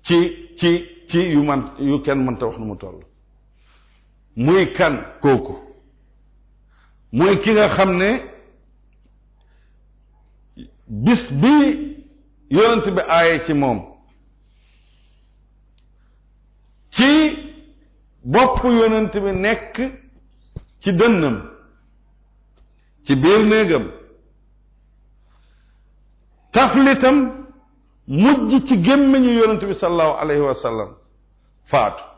ci ci ci yu man yu kenn mënta wax nu mu toll muy kan kooku muy ki nga xam ne bis bi yonent bi aaye ci moom ci bopp yonent bi nekk ci dënnam ci biir néegam taflitam mujj ci gémmiñu yonent bi sallallahu alayhi wa sallam faatu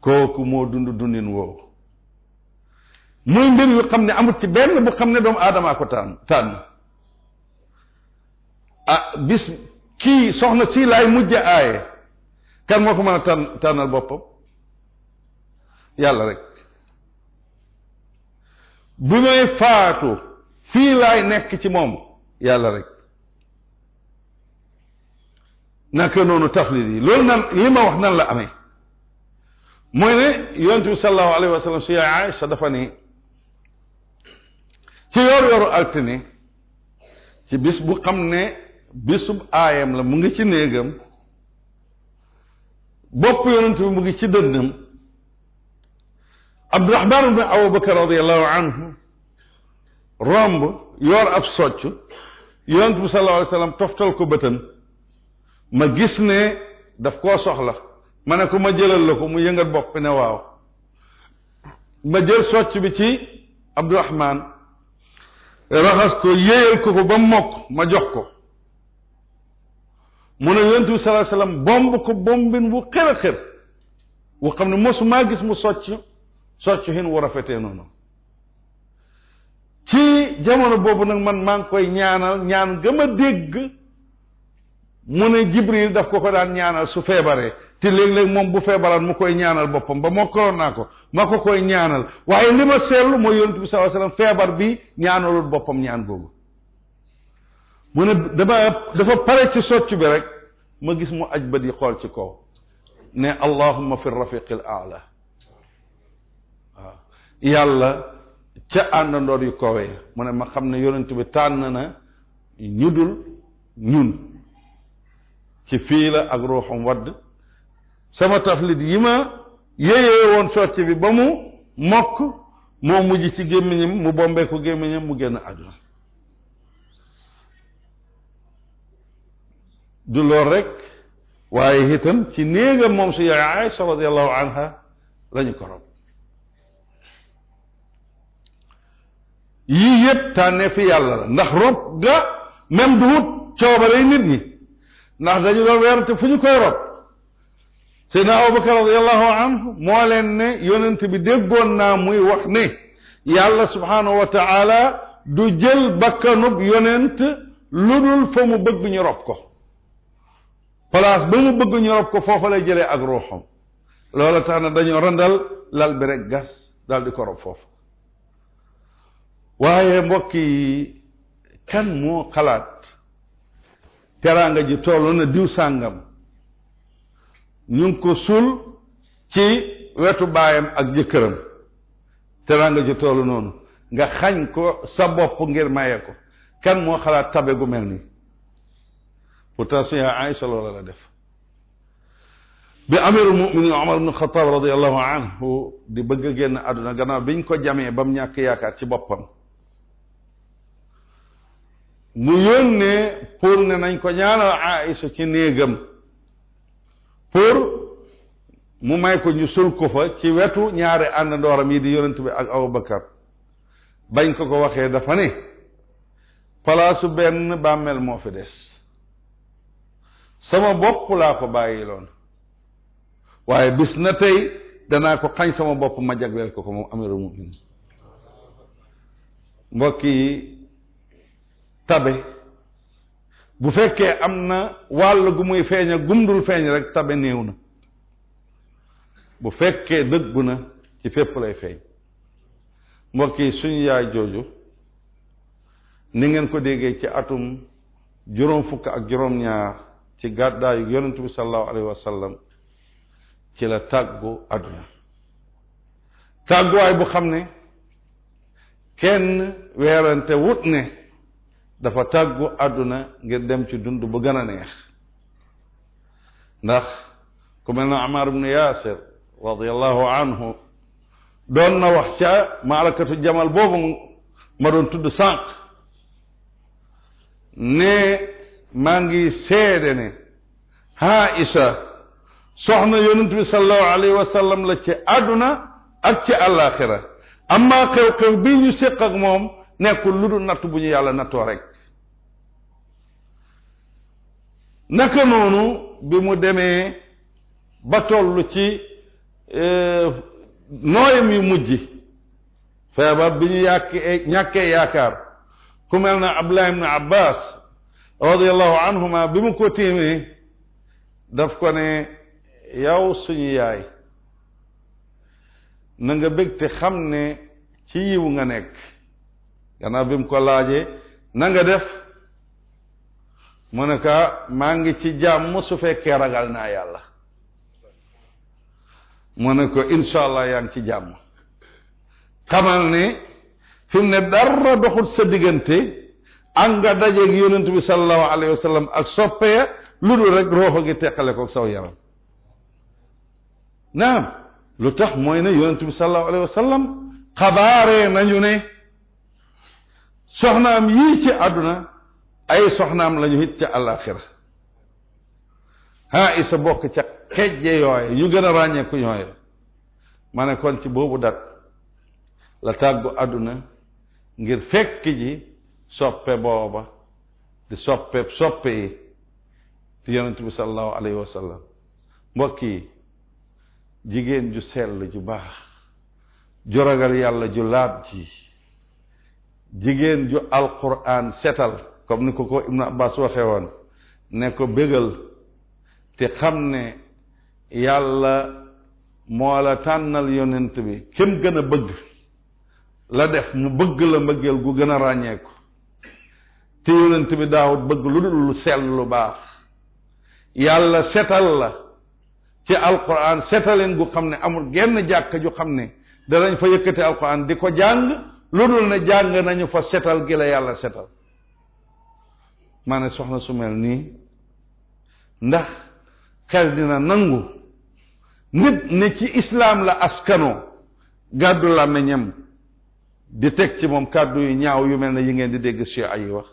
kooku moo dund dundin woowu muy mbir yu xam ne amut ci benn bu xam ne doomu aadamaa ko tànn tànn ah bis kii soxna sii laay mujj aaye kan moo ko mën a tànn tànnal boppam yàlla rek bi may faatu fii laay nekk ci moom yàlla rek naka noonu taflit yi loolu nan li ma wax nan la amee mooy ne yonent bi sallallahu alayhi wa sallam si yaay Aïcha dafa ni ci yoor yooru altine ci bis bu xam ne bisub aayam la mu ngi ci néegam bopp yonent bi mu ngi ci dënnam Abdurahman ibn Abubakar radiallahu anhu romb yoor ab socc yonent bi sallallahu alayhi wa sallam toftal ko bëtam ma gis ne daf koo soxla ma ko ma jëlal la ko mu yëngat bopp bi ne waaw ma jël socc bi ci Abdurahman raxas ko yéeyal ko ko ba mokk ma jox ko mu ne yonent bi salaa sallam bomb ko bombin wu xër wu xam ne mosu maa gis mu socc socc hin a fetee noonu ci jamono boobu nag man maa koy ñaanal ñaan gëm a dégg mu ne Jibril daf ko ko daan ñaanal su feebaree te léeg-léeg moom bu feebaraan mu koy ñaanal boppam ba mokkaloon naa ko ma ko koy ñaanal waaye li ma seetlu mooy yonent bi sallallahu alayhi wasallam feebar bi ñaanalul boppam ñaan googu mu ne ci socc bi rek ma gis mu aj bët yi xool ci kaw ne allahumma fi rafiqil aala yàlla ca àndandoor yu kawee mu ne ma xam ne yonent bi tànn na ñu dul ñun ci fii la ak ruuxam wadd sama taflit yi ma yéyee woon socc bi ba mu mokk moo mujj ci gémmiñam mu bombee ko gémmiñam mu génn àdduna du lool waaye itam ci néegam moom si yaay Aïcha radiallahu rob yii yëpp tànnee fi yàlla la ndax rob ga même du wut coobare nit ñi ndax dañu doon weerante fu ñu koy rob seydna abubakar radiallahu anhu moo leen ne yonent bi déggoon naa muy wax ne yàlla subhaanahu wa taala du jël bakkanub yonent lu dul fa mu bëgg ñu ko place ba mu ko foofa lay jëlee ak ruuxam loola tax na dañoo randal lal bi gas daal di ko rob foofu waaye mbokk yi kan moo xalaat teraanga ji toll na diw sàngam ñun ko suul ci wetu baayam ak jëkkëram teraanga ji toolu noonu nga xañ ko sa bopp ngir maye ko kan moo xalaat tabe gu mel nii pourtant suñu Aïcha loola la def bi amirul muminin Omar ibnu Xataab radiallahu di bëgg a génn àdduna gannaaw biñ ko jamee ba mu ñàkk yaakaar ci boppam mu yónnee pour ne nañ ko ñaanal Aïcha ci néegam pour mu may ko ñu sul ko fa ci wetu ñaari àndandooram yi di yonent bi ak Abubakar bañ ko ko waxee dafa ne palaasu benn bàmmeel moo fi des sama bopp laa ko bàyyi loon waaye bis na tey danaa ko xañ sama bopp ma jagleel ko ko moom amirul muminin mbokk yi tabe bu fekkee am na wàll gu muy feeñ ak gum feeñ rek tabe néew na bu fekkee dëggu na ci fépp lay feeñ mbokki yi yaay jooju ni ngeen ko déggee ci atum juróom fukk ak juróom ñaar ci gàddaayu yonent bi sallallahu alayhi wa sallam ci la tàggu àdduna tàgguwaay bu xam ne kenn weerante wut ne dafa tàggu àdduna ngir dem ci dund bu gën a ndax ku mel na Amar ibn Yaasir radiallahu anhu doon na wax ca maarakatu jamal boobu ma doon tudd sànq ne maa ngi seede ne Aïsa soxna yonent bi sallallahu alayhi wa sallam la ci àdduna ak ci àllaaxira amma xew-xew bii ñu séq ak moom nekkul lu dul natt bu ñu yàlla nattoo rek naka noonu bi mu demee ba toll ci e, nooyam yu mujj feebar bi ñu yàkkee ñàkkee yaakaar ku mel na Abdullah ibn Abbas radiallahu anhuma bi mu ko tiimee daf ko ne yow suñu yaay na nga bég te xam ne ci yiw nga nekk gannaaw bi mu ko laaje nanga def moo ne maa ngi ci jàmm su fekkee ragal naa yàlla moo ne ko incha allah yaa ngi ci jàmm xamal ni fi mu ne dara sa diggante ak nga dajeeg yonent bi sallallahu alayhi wa sallam ak soppee lu dul rek rooxo gi teqale ko saw naam lu tax mooy ne yonent bi sallallahu alayhi wa sallam xabaaree nañu ne soxnaam yii ci àdduna ay soxnaam lañu it ca àllaaxira haa isa bokk ca xejje yooye yu gën a ràññeeku ñooye ma ne ci boobu dat la tàggu àdduna ngir fekk ji soppe booba di soppe soppe yi di yonent bi sallallahu alayhi wa sallam mbokk yi jigéen ju sell ju baax ju ragal yàlla ju laab ji jigéen ju alquran setal comme ni ko ko ibnu abbas waxe woon ne ko bégal te xam ne yàlla moo la tànnal yonent bi kim gën a bëgg la def mu bëgg la mbëggeel gu gën a ràññeeku te yonent bi daawut bëgg lu dul lu sell lu baax yàlla setal la ci alquran setaleen gu xam ne amul genn jàkk ju xam ne danañ fa yëkkate alquran di ko jàng lu dul ne jàng nañu fa setal gi la yàlla setal maa ne soxna su mel nii ndax xel dina nangu nit ne ci islaam la askano gàddu làmmiñam di teg ci moom kàddu yu ñaaw yu mel ne yi ngeen di dégg si ay wax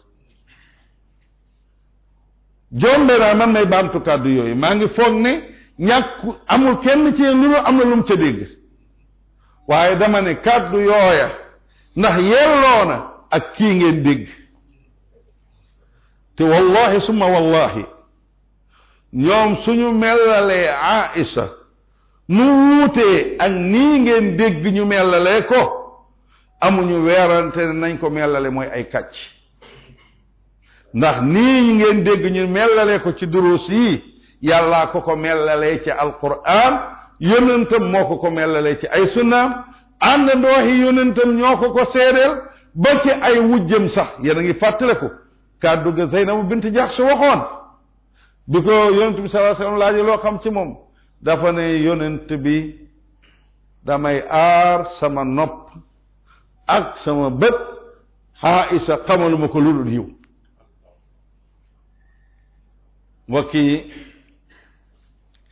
jombe naa man may baamtu kàddu yooyu maa ngi foog ne ñàkk amul kenn ci lu am na lu mu ca dégg waaye dama ne kàddu yooya ndax yelloo na ak kii ngeen dégg te wallahi summa wallahi ñoom suñu mellalee Aïsa nu wuutee ak nii ngeen dégg ñu mellalee ko amuñu weerante nañ ko mellale mooy ay kàcc ndax nii ngeen dégg ñu mellalee ko ci duruus yi yàllaa ko ko mellalee ci alquran yonentam moo ko ko mellalee ci ay sunnaam ànd ndooxi yonentam ñoo ko ko seedeel ba ci ay wujjam sax yéen a ngi fàttale ko kàddu ga Zeynabu bint Jaxs waxoon bi ko yonent bi sallallahu alayhi wasallam laaje loo xam ci moom dafa ne yonent bi damay aar sama nopp ak sama bët xaa isa xamaluma ko ludul yiw mbokk yi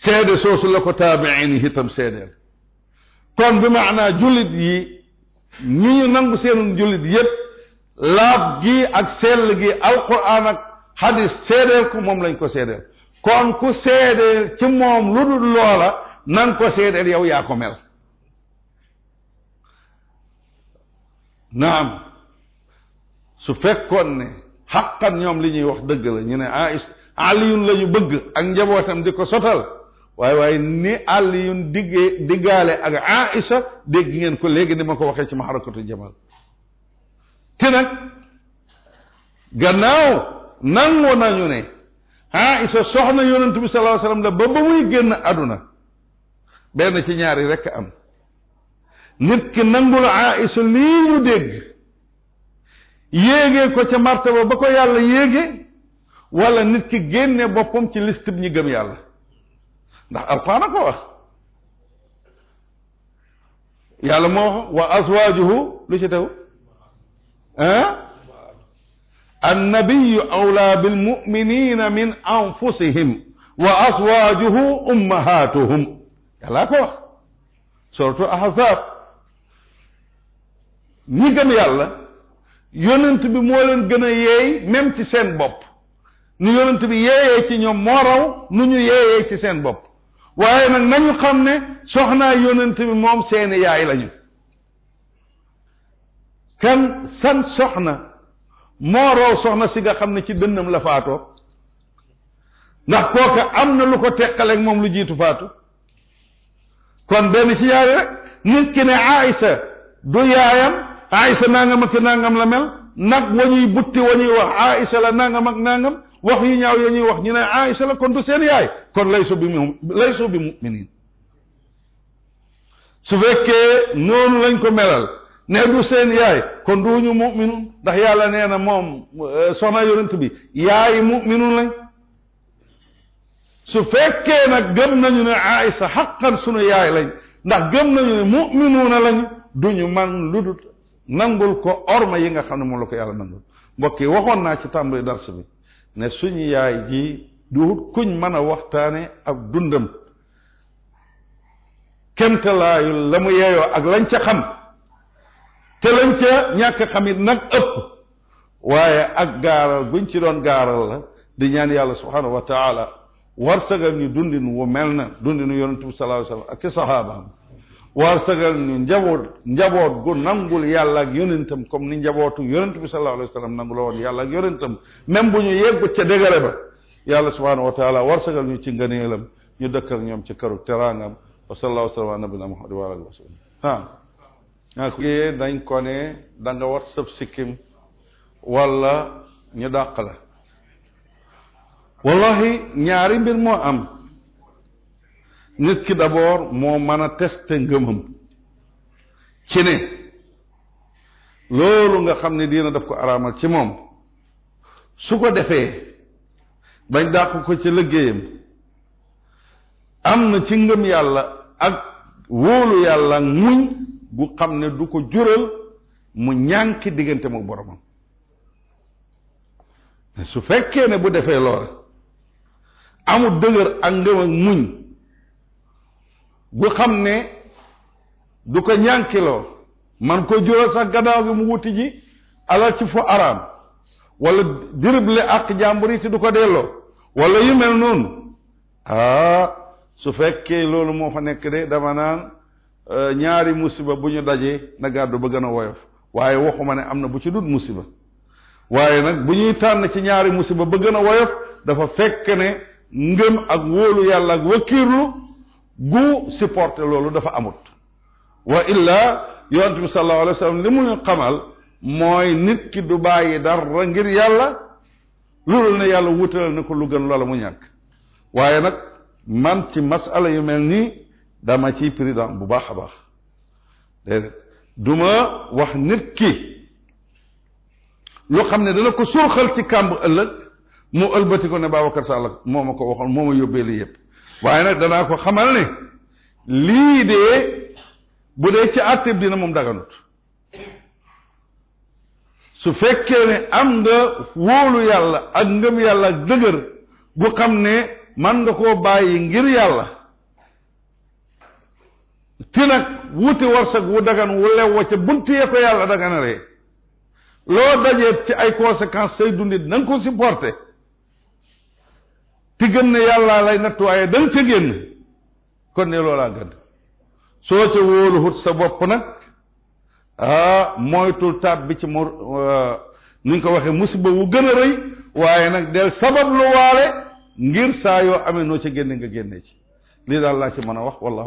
seede soosu la ko taabiin yi itam seedeel kon bi maanaa jullit yi ñi ñu nangu seenum jullit yépp laab gi ak sell gi alquran ak hadis seedeel ko moom lañ ko seedeel kon ku seedeel ci moom lu dul loola nan ko seedeel yow yaa ko mel naam su fekkoon ne xaqan ñoom li ñuy wax dëgg la ñu ne ah aliyun la ñu bëgg ak njabootam di ko sotal waaye waaye ni Aliyun diggee diggaale ak Aïcha dégg ngeen ko léegi ni ma ko waxee ci maharakatu jamal te nag gannaaw nangu nañu ne Aïcha soxna yonent bi sallallahu alayhi wasallam la ba ba muy génn àdduna benn ci ñaari rekk am nit ki nangul Aïcha lii mu dégg yéegee ko ca martaba ba ko yàlla yéege walla nit ki génne boppam ci liste bi ñi gëm yàlla ndax alquran a ko wax yàlla wa azwaajuhu lu ci tew ah annabiyu awlaa bilmuminina min anfusihim wa azwaajuhu ummahatuhum yàllaa ko wax suratu ahzab ñi gëm yàlla yonent bi moo leen gën a yeey même ci seen bopp nu yonent nu ñu yeeyee ci seen bopp waaye nag nañu xam ne soxnaa yonent bi moom seeni yaay lañu kan san soxna moo roow soxna si nga xam ne ci dënnam la faatoo ndax kooka am na lu ko teqaleeg moom lu jiitu faatu kon benn ci yaay rek nit ki ne Aïsa du yaayam Aïsa nangam ak nangam la mel nag wañuy butti wañuy wax Aïsa la nangam ak nàngam wax yu ñaaw yoo ñuy wax ñu ne Aïcha la kon du seen yaay kon lay laysu bi mu laysu bi mu su fekkee noonu lañ ko melal ne du seen yaay kon duñu muminun ndax yàlla nee na moom euh, soxna yonent bi yaay muminun lañ su fekkee nag gëm nañu ne Aïcha xaqan sunu yaay lañ ndax gëm nañu ne muminuuna lañ duñu man ludut nangul ko orma yi nga xam ne moom la ko yàlla nangul mbokk yi waxoon naa ci tàmbali dars bi ne suñu yaay ji du kuñ mën a waxtaane ak dundam kemtalaayu la mu yeeyoo ak lañ ca xam te lañ ca xamit nag ëpp waaye ak gaaral buñ ci doon gaaral la di ñaan yàlla subhanahu wa taala war sagam ñu dundin wu mel na dundinu yonente bi sallallahu alayhi wa ak ci saxaabaam warsagal ñu njaboot njaboot gu nangul yàlla ak yonentam comme ni njabootu yonent bi sallallahu alayhi wa sallam nangu la woon ñu yeggut ca dégale ba yàlla subhanahu wa taala warsagal ñu ci ngëneelam ñu dëkk ak ñoom ci këru teraangam wa sallallahu alayhi wa wa alihi wa sallam ko dañ ko ne da ñu dàq la wallahi ñaari mbir moo am nit ki d'abord moo mën a tester ngëmam ci ne loolu nga xam ne diina def ko araamal ci moom su ko defee bañ dàq ko ci liggéeyam am na ci ngëm yàlla ak wóolu yàlla muñ gu xam ne du ko jural mu ñànki diggante mu boromam su fekkee ne bu defee loola amul dëgër ak ngëm ak muñ gu xam ne du ko ñànkiloo man ko jural sax gannaaw gi mu wuti ji alal ci fu araam wala dirible ak jàmbur yi te du ko delloo wala yu mel noonu ah su fekkee loolu moo fa nekk de dama naan euh, ñaari musiba bu ñu dajee na gàddu ba gën a woyof waaye waxuma ne am na bu ci dut musiba waaye nag bu ñuy tànn ci ñaari musiba ba gën a woyof dafa fekk ne ngëm ak wóolu yàlla ak wakkiirlu gu supporté loolu dafa amut wa illa yonent bi sallallahu alayhi wa li mu ñu xamal mooy nit ki du bàyyi dara ngir yàlla loolu ne yàlla wutalal na ko lu gën loola mu ñàkk waaye nag man ci masala yu mel nii dama ci prudent bu baax a baax déedéet du ma wax nit ki lu xam ne dana ko surxal ci kàmb ëllëg mu ëlbati ko ne Babacar Sall moo ma ko waxoon moo ma yóbbee li yëpp waaye nag danaa ko xamal ne lii dee bu dee ci àtteb dina moom daganut su fekkee ne am nga wóolu yàlla ak ngëm yàlla ak dëgër gu xam ne man nga koo bàyyi ngir yàlla ti nag wuti warsag wu dagan wu lew wa ca buntiyee ko yàlla daganaree loo dajeet ci ay conséquences say dundit na ko ko supporté li gëm ne yàllaa lay nattuwaaye da nga ca génn kon ne loolaa gën soo ca wóoluwut sa bopp nag ah moytul bi ci mu ah, ni ko waxee musiba wu gën a rëy waaye nag del sabab lu waale ngir saa yoo amee noo ca génne nga génne ci lii daal laa ci mën a wax wallah